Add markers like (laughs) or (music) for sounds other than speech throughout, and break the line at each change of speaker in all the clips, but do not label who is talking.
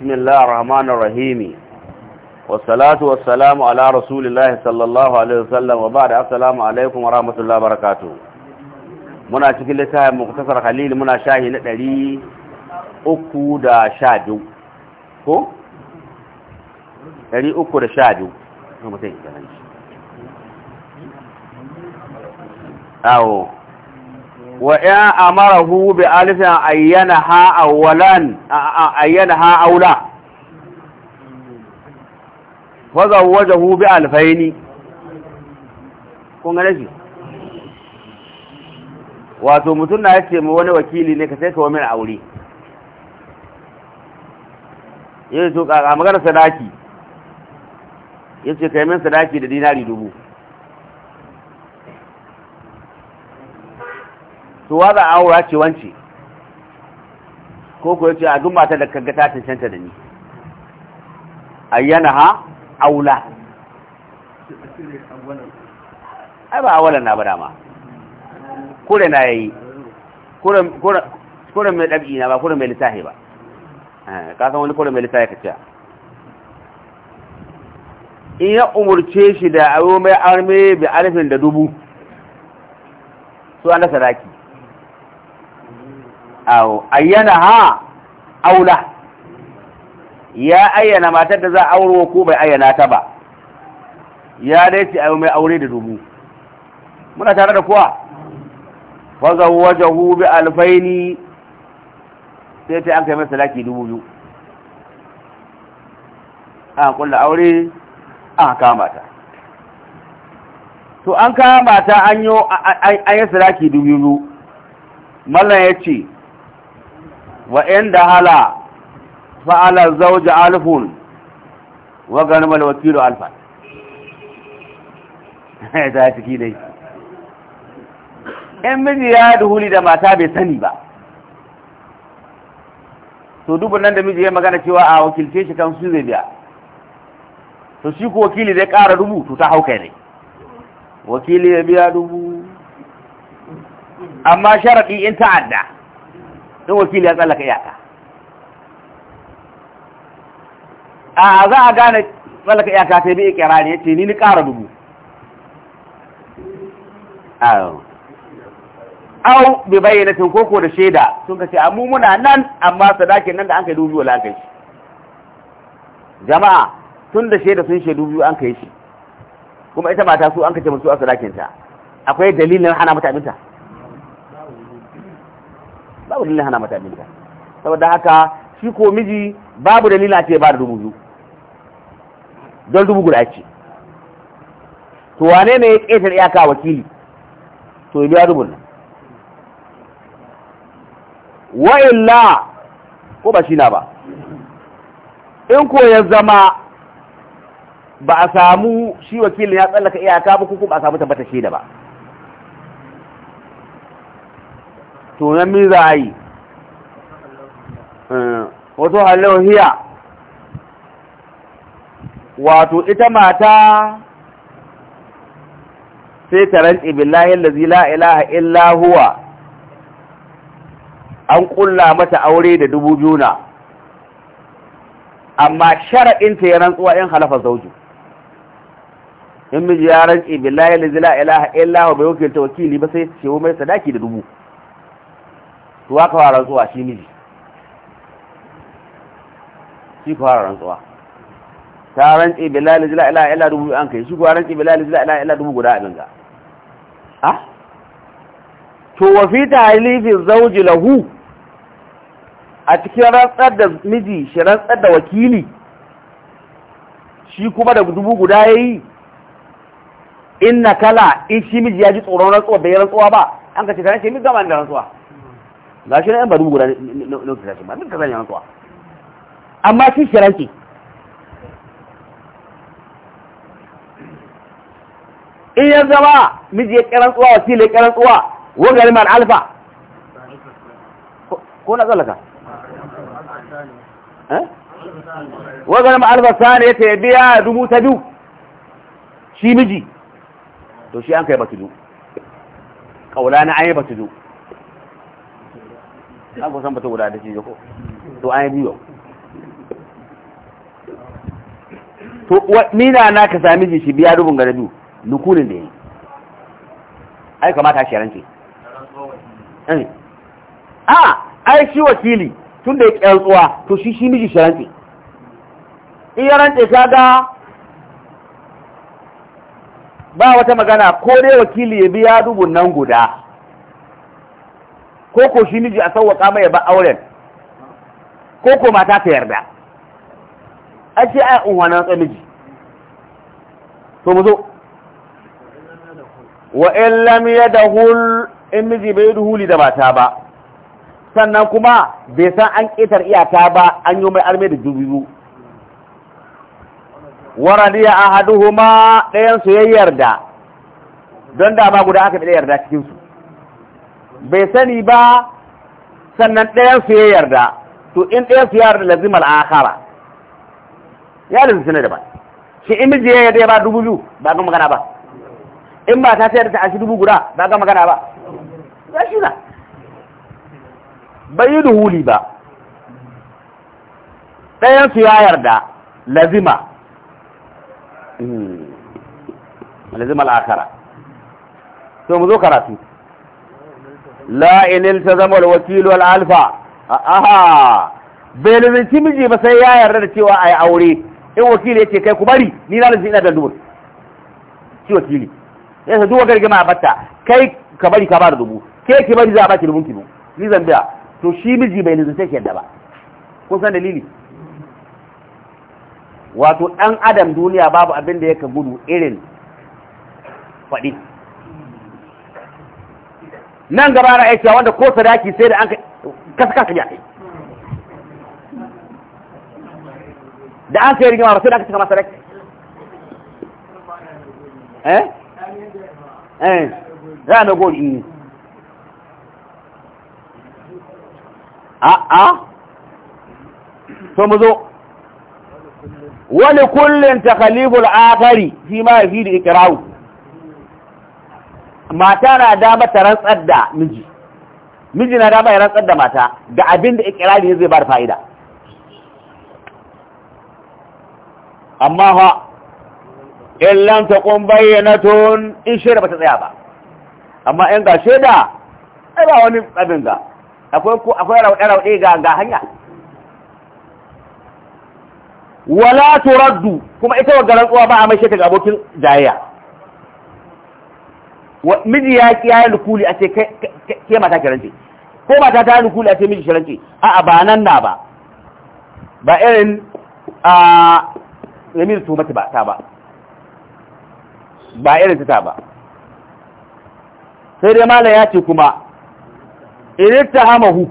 بسم الله الرحمن الرحيم والصلاة والسلام على رسول الله صلى الله عليه وسلم وبعد السلام عليكم ورحمة الله وبركاته منا شكل littafin muktasar خليل منا شاهي na ɗari uku da sha biyu ko? ɗari uku da sha wa ya amara hu bi alifin ayyana ha a ayyana ha aula wa zawwajahu bi alfaini kun gane shi wato mutun na yace mu wani wakili ne ka sai ka wamin aure yayin to ka magana sadaki yace kai min sadaki da dinari dubu to wa za a aura ce wance ko ko yace a duk mata da kaga ta cancanta da ni ayyana ha aula ai ba awalan na ba dama kure na yayi kure kure kure mai dabi na ba kure mai litahi ba eh ka san wani kure mai litahi kace in ya umurce shi da ayo mai arme bi arfin da dubu su an da sadaki awo ayyana ha aula ya ayyana matar da za a auro ko bai ayyana ta ba ya dai ce ayo mai aure da dubu muna tare da kuwa wajahu bi alfaini sai ta an kai masa laki dubu biyu an kulla aure an kama ta to an kama ta an yi salaki dubu biyu mallan ya ce wa in da hala fa'ala zauja alfun wa ganimar wakilu alfa (laughs) ta ciki dai in miji ya duhuli da mata bai sani ba to dubin nan da miji ya magana cewa a wakilce shi kan su zai biya to shi ko wakili zai kara dubu to ta hauka ne wakili ya biya dubu amma sharaɗi in ta ta'adda in wakili ya tsallaka iyaka a za a gane tsallaka iyaka ta bi ikirari ya ce ni ni ƙara dubu au bi bayyana tun koko da shaida sun ka ce amma muna nan amma sadakin nan da an kai dubu wala an kai shi jama'a tun da shaida sun shaidu biyu an kai shi kuma ita mata su an kace musu a sadakin ta akwai dalilin hana mata abinta babu dalilin hana mata abinta saboda haka shi ko miji babu dalila ce ba da dubu biyu don dubu guda ce to wane ne ya ƙetare iyaka wakili to ya biya dubun nan illa ko ba shi na ba in ko ya zama ba a samu shi wakilin ya tsallaka iyaka ba ko ba a samu tabbata shi da ba tunan mi za a yi eh, wato halohiya wato ita mata sai ta rantsi billahi lazi la ilaha illahuwa an kulla mata aure da dubu juna amma sharaɗinta ya rantsuwa yan halafa zauju in miji ya rantsi billahi lazi la ilaha illa bai wakilta wakili ba sai ce mai sadaki da dubu to ka fara rantsuwa shi miji shi ka fara rantsuwa ta rantsi bilal zila ila ila dubu an kai shi kuwa rantsi bilal zila ila ila dubu guda abin ga a ah? to wa fi halifin zauji lahu a cikin rantsar da miji shi rantsar da wakili shi kuma da dubu guda ya yi in na kala in shi miji ya ji tsoron rantsuwa bai rantsuwa ba an ka ce ta shi mi gama da rantsuwa ga shi na yan ba guda na wuce ba duka duk ka amma shi shiranki in ya zama miji ya kiran tsuwa wasila ya kiran tsuwa wani galimar alfa ko na tsallaka eh? wani galimar alfa sani ya tebe ya dubu ta biyu shi miji to shi an kai batudu kaula na an yi batudu an kusan bata guda da shi ko to an yi biyo, to ni na ka sami ji shi biya rubun gare biyu nukunin da yi ai kamata shi rance eh. a ai shi wakili tun da ya tsuwa to shi shi miji shi in ya rance ka ga ba wata magana ko dai wakili ya biya rubun nan guda ko ko shi miji a sauwaka mai ba auren ko ko mata ta yarda a ce a yi na tsa miji to mu zo wa in da hul in miji bai duhuli da mata ba sannan kuma bai san an ƙetar iyata ba an yi mai arme da dubu jubiyu waradiya ahaduhuma ɗayan su ya yarda don da ba guda aka bi yarda cikinsu bai sani ba sannan ɗayan su ya yarda to in ɗayan su ya yarda lazim al'akara ya lazim suna daban shi in miji ya yarda ya ba dubu biyu ba ga magana ba in ba ta sayar da ta ashi dubu guda ba ga magana ba ya shi na bai yi duhuli ba ɗayan su ya yarda lazima hmm. lazima al'akara to mu zo karatu la inil iltazama alwakil wal alfa aha bai lizinci miji ba sai ya yarda da cewa ai aure in wakili yake kai ku bari ni na lizinci ina da dubu shi wakili yasa duk wata rigima a batta kai ka bari ka bada dubu ke ki bari za a baki dubun kilo ni zan biya to shi miji bai lizinci ke da ba kun san dalili wato dan adam duniya babu abin da yake gudu irin fadi. nan gaba na aikiya wanda ko sadaki sai da an kasa kasa ya kai da an sayar gima sai da aka cika masa sadaki eh eh za na gori a a to mu zo wani kullum takalibul akari fi ma fi da ikirawu mata na dama ta rantsar da miji miji na dama ya rantsar da mata ga abin da ikirari ne zai ba da fa'ida amma fa ta kun bayyana tun in shaida bata tsaya ba amma in ga shaida ai ba wani abin ga akwai ko akwai rawaɗe ga ga hanya wala turaddu kuma ita wa garan uwa ba a mai shaita ga abokin jayayya miji ya ki yayi lukuli a ce ke mata kirance ko mata ta lukuli a ce miji shirance a a ba nan na ba ba irin a yamin su mata ba ta ba ba irin ta ba sai dai malam ya ce kuma irin ta hamahu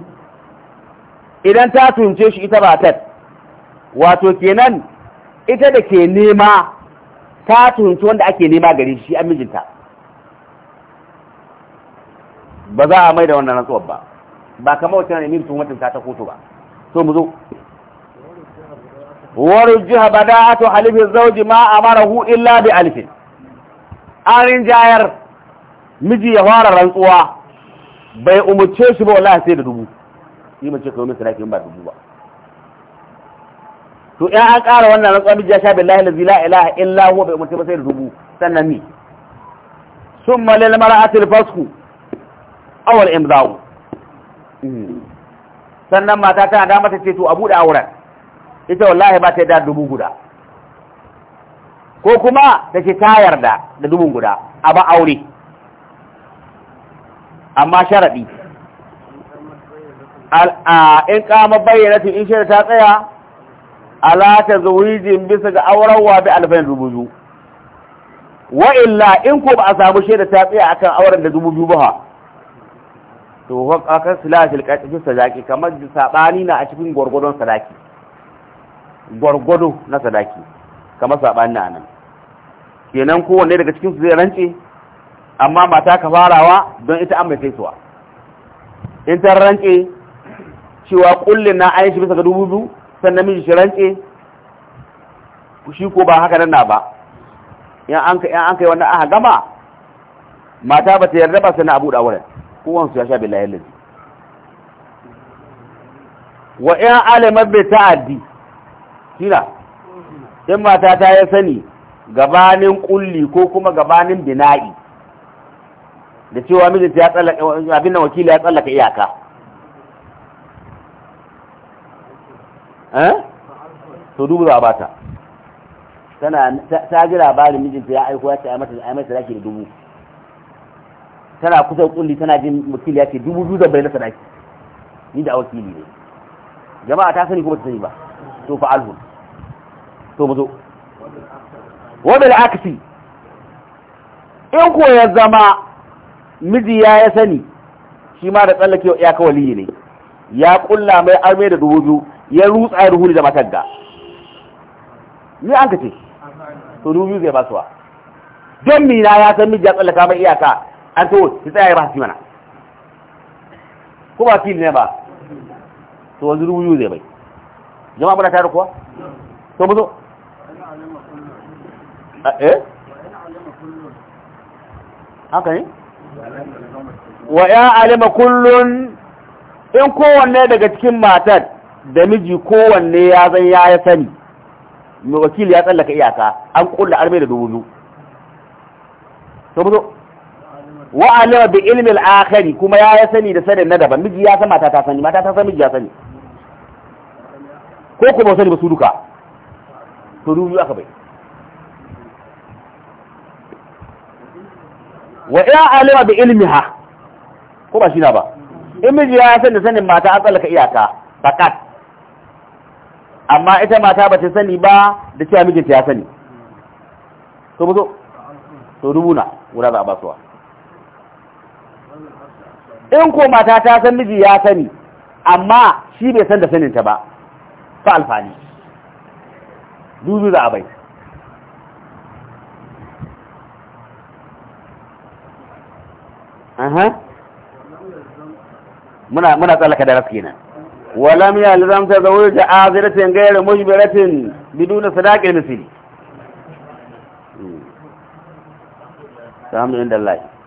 idan ta tunce shi ita ba tat wato kenan ita da ke nema ta tunce wanda ake nema gari shi an mijinta ba za a mai da wannan rantsuwar ba ba kamar wacce ne min tuhumatin ta ta kotu ba so mu zo warjiha bada'atu halifi zawji ma amarahu illa bi alifin. an rinjayar miji ya fara rantsuwa bai umarce shi ba wallahi sai da dubu yi mace kawai misra kin ba dubu ba to ya an ƙara wannan rantsuwa miji ya sha billahi la ilaha illa huwa bai umarce ba sai da dubu sannan ni summa lil mar'atil fasku. awal imza'u sannan mata tana da mata ce to a bude auren ita wallahi ba ta da dubu guda ko kuma ta ke tayar da dubu guda a ba aure amma sharaɗi in kama bayyana in shirya ta tsaya alata zuwijin bisa ga auren bi alfayin rubuzu wa illa in ko ba a samu shaida ta tsaya akan auren da dubu biyu ba to wakar silatul qatfi sadaki kamar sabani na a cikin gurgudon sadaki gurgudu na sadaki kamar sabani na nan kenan kowanne daga cikin su zai rance amma mata ka farawa don ita an mai saisuwa in ta rance cewa kullin na ayin shi bisa ga dubu biyu sannan miji shi rance shi ko ba haka nan na ba in an kai wannan aka gama mata ba ta yarda ba sannan a da wurin kowansu ya sha billahi lazi wa 'yan alamar bai ta'addi shira in mata ta ya sani gabanin kulli ko kuma gabanin bina'i da cewa mijinta ya tsallaka abin da wakili ya tsallaka iyaka eh to dubu za a bata ta ji labarin mijinta ya aiko ya ce ai mata ake da dubu tana kusa kulli tana jin mutum ya ce dubu biyu da bai na sadaki ni da wakili ne jama'a ta sani kuma ta sani ba to fa alhu to mu zo wa bil aksi in ko ya zama miji ya ya sani shi ma da tsallakewa ya wali ne ya kulla mai arme da dubu biyu ya rutsa ya ruhuni da matar ga ni an ka ce to dubu biyu zai basuwa don mina ya san miji ya tsallaka mai iyaka an to oh, ki tsaya ba hasi mana ko ba ne ba to wanzu rubuyu zai bai jama'a muna tare kuwa to mu zo eh haka ne wa ya alima kullun in kowanne daga cikin matar da miji kowanne ya zan ya ya sani mai wakili ya tsallaka iyaka an kulla arme da dubu biyu to mu wa alama bi ilmi al-akhari kuma ya ya sani da sanin na daban miji ya san mata ta sani mata ta san miji ya sani ko kuma sani ba su duka to ruyu aka bai wa ya alama bi ilmiha ko ba shi na ba in miji ya san da sanin mata an tsallaka iyaka fakat amma ita mata ba ta sani ba da cewa mijinta ya sani to buzo to rubuna guda za a basuwa in ko mata ta san miji ya sani amma shi bai san da saninta ba fa alfani duzu da abai aha muna muna tsallaka da rafi nan walam zawul tazawuj azratin ghayr mujbiratin bidun sadaqin misli الحمد hmm. لله